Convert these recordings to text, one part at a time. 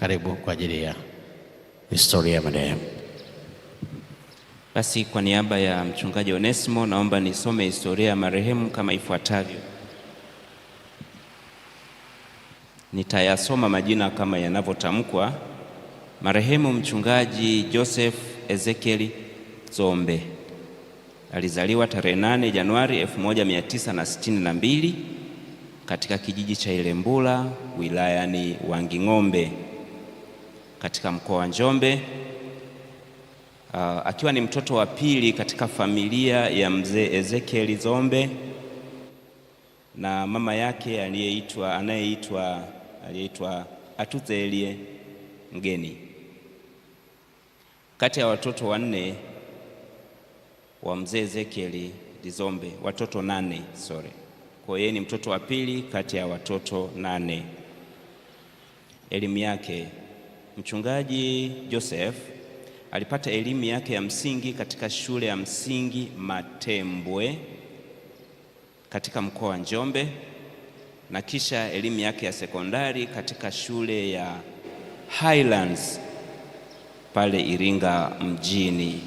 Karibu kwa ajili ya historia ya marehemu. Basi kwa niaba ya mchungaji onesimo naomba nisome historia ya marehemu kama ifuatavyo. Nitayasoma majina kama yanavyotamkwa. Marehemu mchungaji Joseph Ezekiel Zombe alizaliwa tarehe 8 Januari 1962 katika kijiji cha Ilembula wilayani Wanging'ombe katika mkoa wa Njombe, uh, akiwa ni mtoto wa pili katika familia ya mzee Ezekiel Zombe na mama yake aliyeitwa anayeitwa aliyeitwa Atuzelie Mgeni. Kati ya watoto wanne wa mzee Ezekiel lizombe watoto nane, sorry. Kwa yeye ni mtoto wa pili kati ya watoto nane. Elimu yake Mchungaji Joseph alipata elimu yake ya msingi katika shule ya msingi Matembwe katika mkoa wa Njombe na kisha elimu yake ya sekondari katika shule ya Highlands pale Iringa mjini.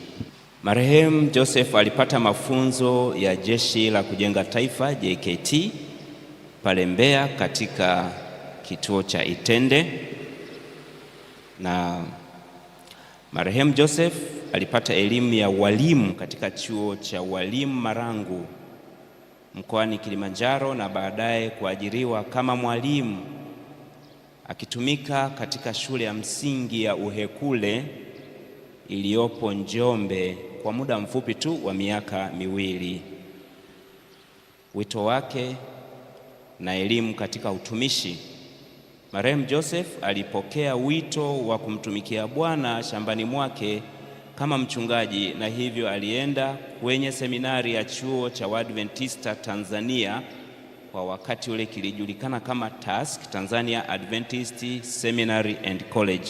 Marehemu Joseph alipata mafunzo ya Jeshi la Kujenga Taifa JKT pale Mbeya katika kituo cha Itende na marehemu Joseph alipata elimu ya walimu katika chuo cha walimu Marangu mkoani Kilimanjaro na baadaye kuajiriwa kama mwalimu akitumika katika shule ya msingi ya Uhekule iliyopo Njombe kwa muda mfupi tu wa miaka miwili. Wito wake na elimu katika utumishi Marehemu Joseph alipokea wito wa kumtumikia Bwana shambani mwake kama mchungaji na hivyo alienda kwenye seminari ya chuo cha Waadventista Tanzania. Kwa wakati ule kilijulikana kama TASC, Tanzania Adventist Seminary and College,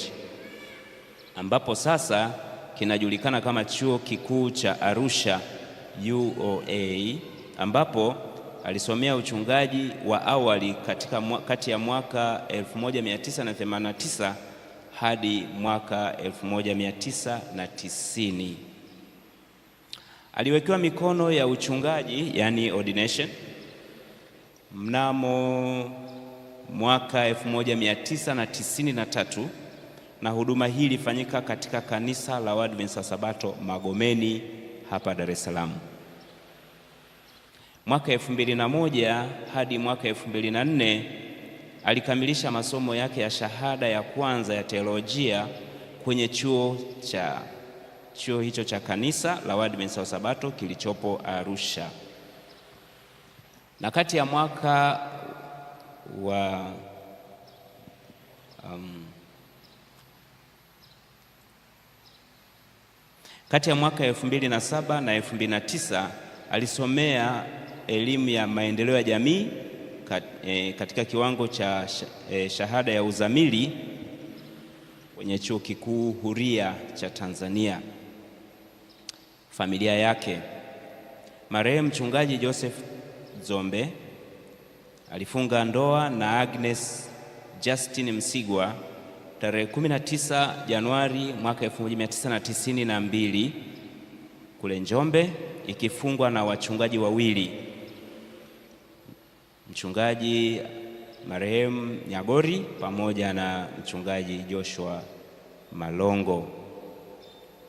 ambapo sasa kinajulikana kama Chuo Kikuu cha Arusha UoA, ambapo Alisomea uchungaji wa awali katika kati ya mwaka 1989 hadi mwaka 1990. Aliwekewa mikono ya uchungaji yani ordination mnamo mwaka 1993 na huduma hii ilifanyika katika kanisa la Waadventista Sabato Magomeni hapa Dar es Salaam. Mwaka elfu mbili na moja hadi mwaka elfu mbili na nne alikamilisha masomo yake ya shahada ya kwanza ya teolojia kwenye chuo cha chuo hicho cha kanisa la Waadventista wa Sabato kilichopo Arusha. Na kati ya mwaka wa um, kati ya mwaka elfu mbili na saba na elfu mbili na tisa alisomea elimu ya maendeleo ya jamii kat, e, katika kiwango cha e, shahada ya uzamili kwenye Chuo Kikuu Huria cha Tanzania. Familia yake, marehemu Mchungaji Joseph Zombe alifunga ndoa na Agnes Justin Msigwa tarehe 19 Januari mwaka 1992 kule Njombe, ikifungwa na wachungaji wawili mchungaji marehemu Nyagori pamoja na mchungaji Joshua Malongo.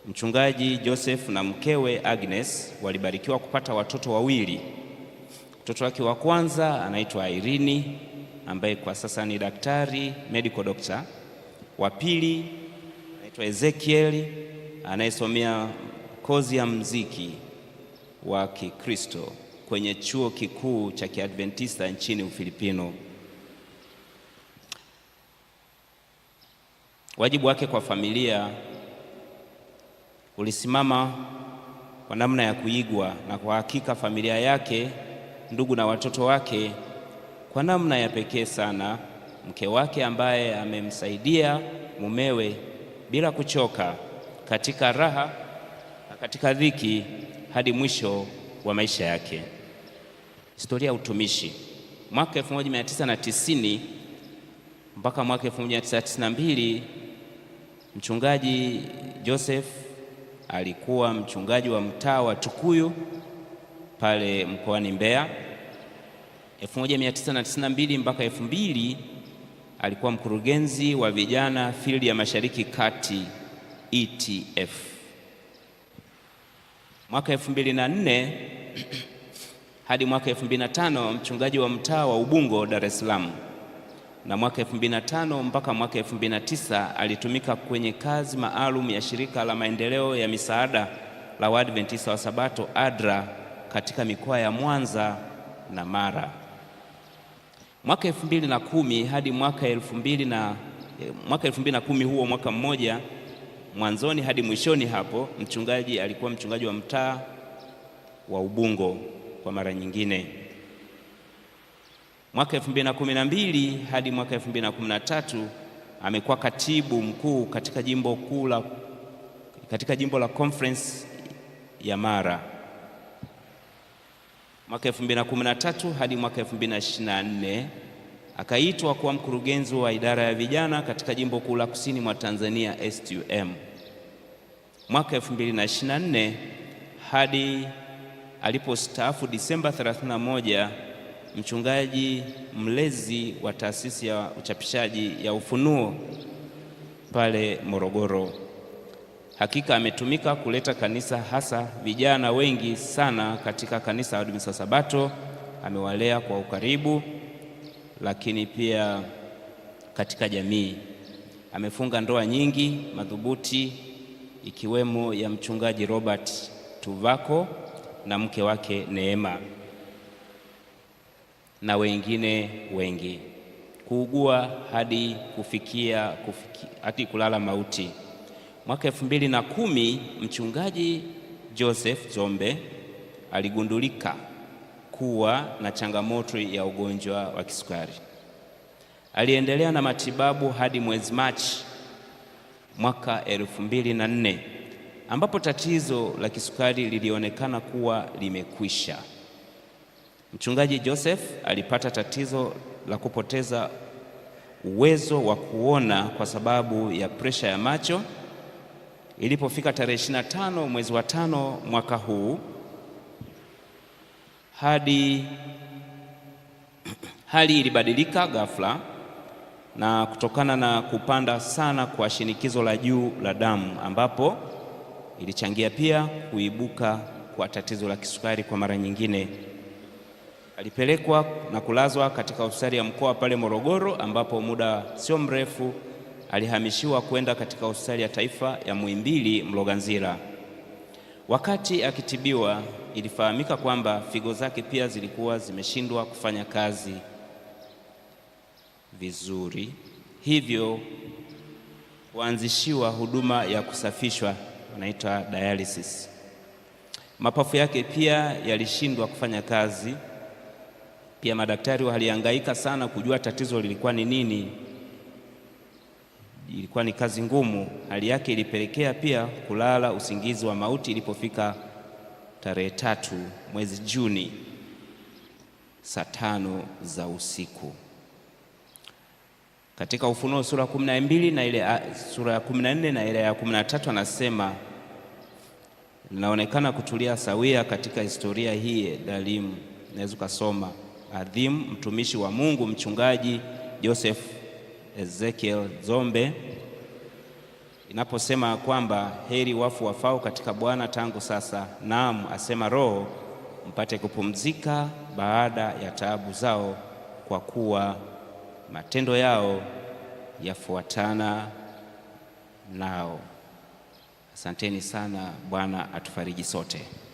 Mchungaji Joseph na mkewe Agnes walibarikiwa kupata watoto wawili. Mtoto wake wa kwanza anaitwa Irini ambaye kwa sasa ni daktari medical doctor. Wa pili anaitwa Ezekiel anayesomea kozi ya mziki wa Kikristo kwenye chuo kikuu cha Kiadventista nchini Ufilipino. Wajibu wake kwa familia ulisimama kwa namna ya kuigwa, na kwa hakika familia yake, ndugu na watoto wake, kwa namna ya pekee sana, mke wake ambaye amemsaidia mumewe bila kuchoka, katika raha na katika dhiki hadi mwisho wa maisha yake. Historia ya utumishi. Mwaka 1990 mpaka mwaka 1992 mchungaji Joseph alikuwa mchungaji wa mtaa wa Tukuyu pale mkoani Mbeya. 1992 mpaka 2000 alikuwa mkurugenzi wa vijana field ya Mashariki Kati ETF. Mwaka 2004 hadi mwaka 2005 mchungaji wa mtaa wa Ubungo, Dar es Salaam, na mwaka 2005 mpaka mwaka 2009 alitumika kwenye kazi maalum ya shirika la maendeleo ya misaada la Waadventista wa Sabato ADRA katika mikoa ya Mwanza na Mara. Mwaka 2010 hadi mwaka 2000 na mwaka 2010, huo mwaka mmoja mwanzoni hadi mwishoni hapo, mchungaji alikuwa mchungaji wa mtaa wa Ubungo kwa mara nyingine. Mwaka 2012 hadi mwaka 2013 amekuwa katibu mkuu katika jimbo kuu la katika jimbo la Conference ya Mara. Mwaka 2013 hadi mwaka 2024 akaitwa kuwa mkurugenzi wa idara ya vijana katika jimbo kuu la kusini mwa Tanzania STM. Mwaka 2024 hadi alipostaafu Disemba 31, mchungaji mlezi wa taasisi ya uchapishaji ya Ufunuo pale Morogoro. Hakika ametumika kuleta kanisa, hasa vijana wengi sana katika kanisa la Waadventista wa Sabato. Amewalea kwa ukaribu, lakini pia katika jamii amefunga ndoa nyingi madhubuti, ikiwemo ya mchungaji Robert Tuvako na mke wake Neema na wengine wengi. Kuugua hadi kufikia kufiki, hadi kulala mauti. Mwaka elfu mbili na kumi mchungaji Joseph Zombe aligundulika kuwa na changamoto ya ugonjwa wa kisukari. Aliendelea na matibabu hadi mwezi Machi mwaka elfu mbili na nne ambapo tatizo la kisukari lilionekana kuwa limekwisha. Mchungaji Joseph alipata tatizo la kupoteza uwezo wa kuona kwa sababu ya presha ya macho. Ilipofika tarehe 25 mwezi wa tano mwaka huu hadi hali ilibadilika ghafla, na kutokana na kupanda sana kwa shinikizo la juu la damu ambapo Ilichangia pia kuibuka kwa tatizo la kisukari kwa mara nyingine. Alipelekwa na kulazwa katika hospitali ya mkoa pale Morogoro, ambapo muda sio mrefu alihamishiwa kwenda katika hospitali ya taifa ya Muhimbili Mloganzila. Wakati akitibiwa, ilifahamika kwamba figo zake pia zilikuwa zimeshindwa kufanya kazi vizuri, hivyo kuanzishiwa huduma ya kusafishwa wanaitwa dialysis. Mapafu yake pia yalishindwa kufanya kazi. Pia madaktari walihangaika sana kujua tatizo lilikuwa ni nini. Ilikuwa ni kazi ngumu. Hali yake ilipelekea pia kulala usingizi wa mauti ilipofika tarehe tatu mwezi Juni saa tano za usiku katika Ufunuo sura ya kumi na mbili na ile ah, sura ya kumi na nne na ile ya kumi na tatu anasema linaonekana kutulia sawia katika historia hii dhalimu. Naweza ukasoma adhimu mtumishi wa Mungu mchungaji Joseph Ezekiel Zombe inaposema kwamba heri wafu wafao katika Bwana tangu sasa, naam asema Roho, mpate kupumzika baada ya taabu zao, kwa kuwa matendo yao yafuatana nao. Asanteni sana. Bwana atufariji sote.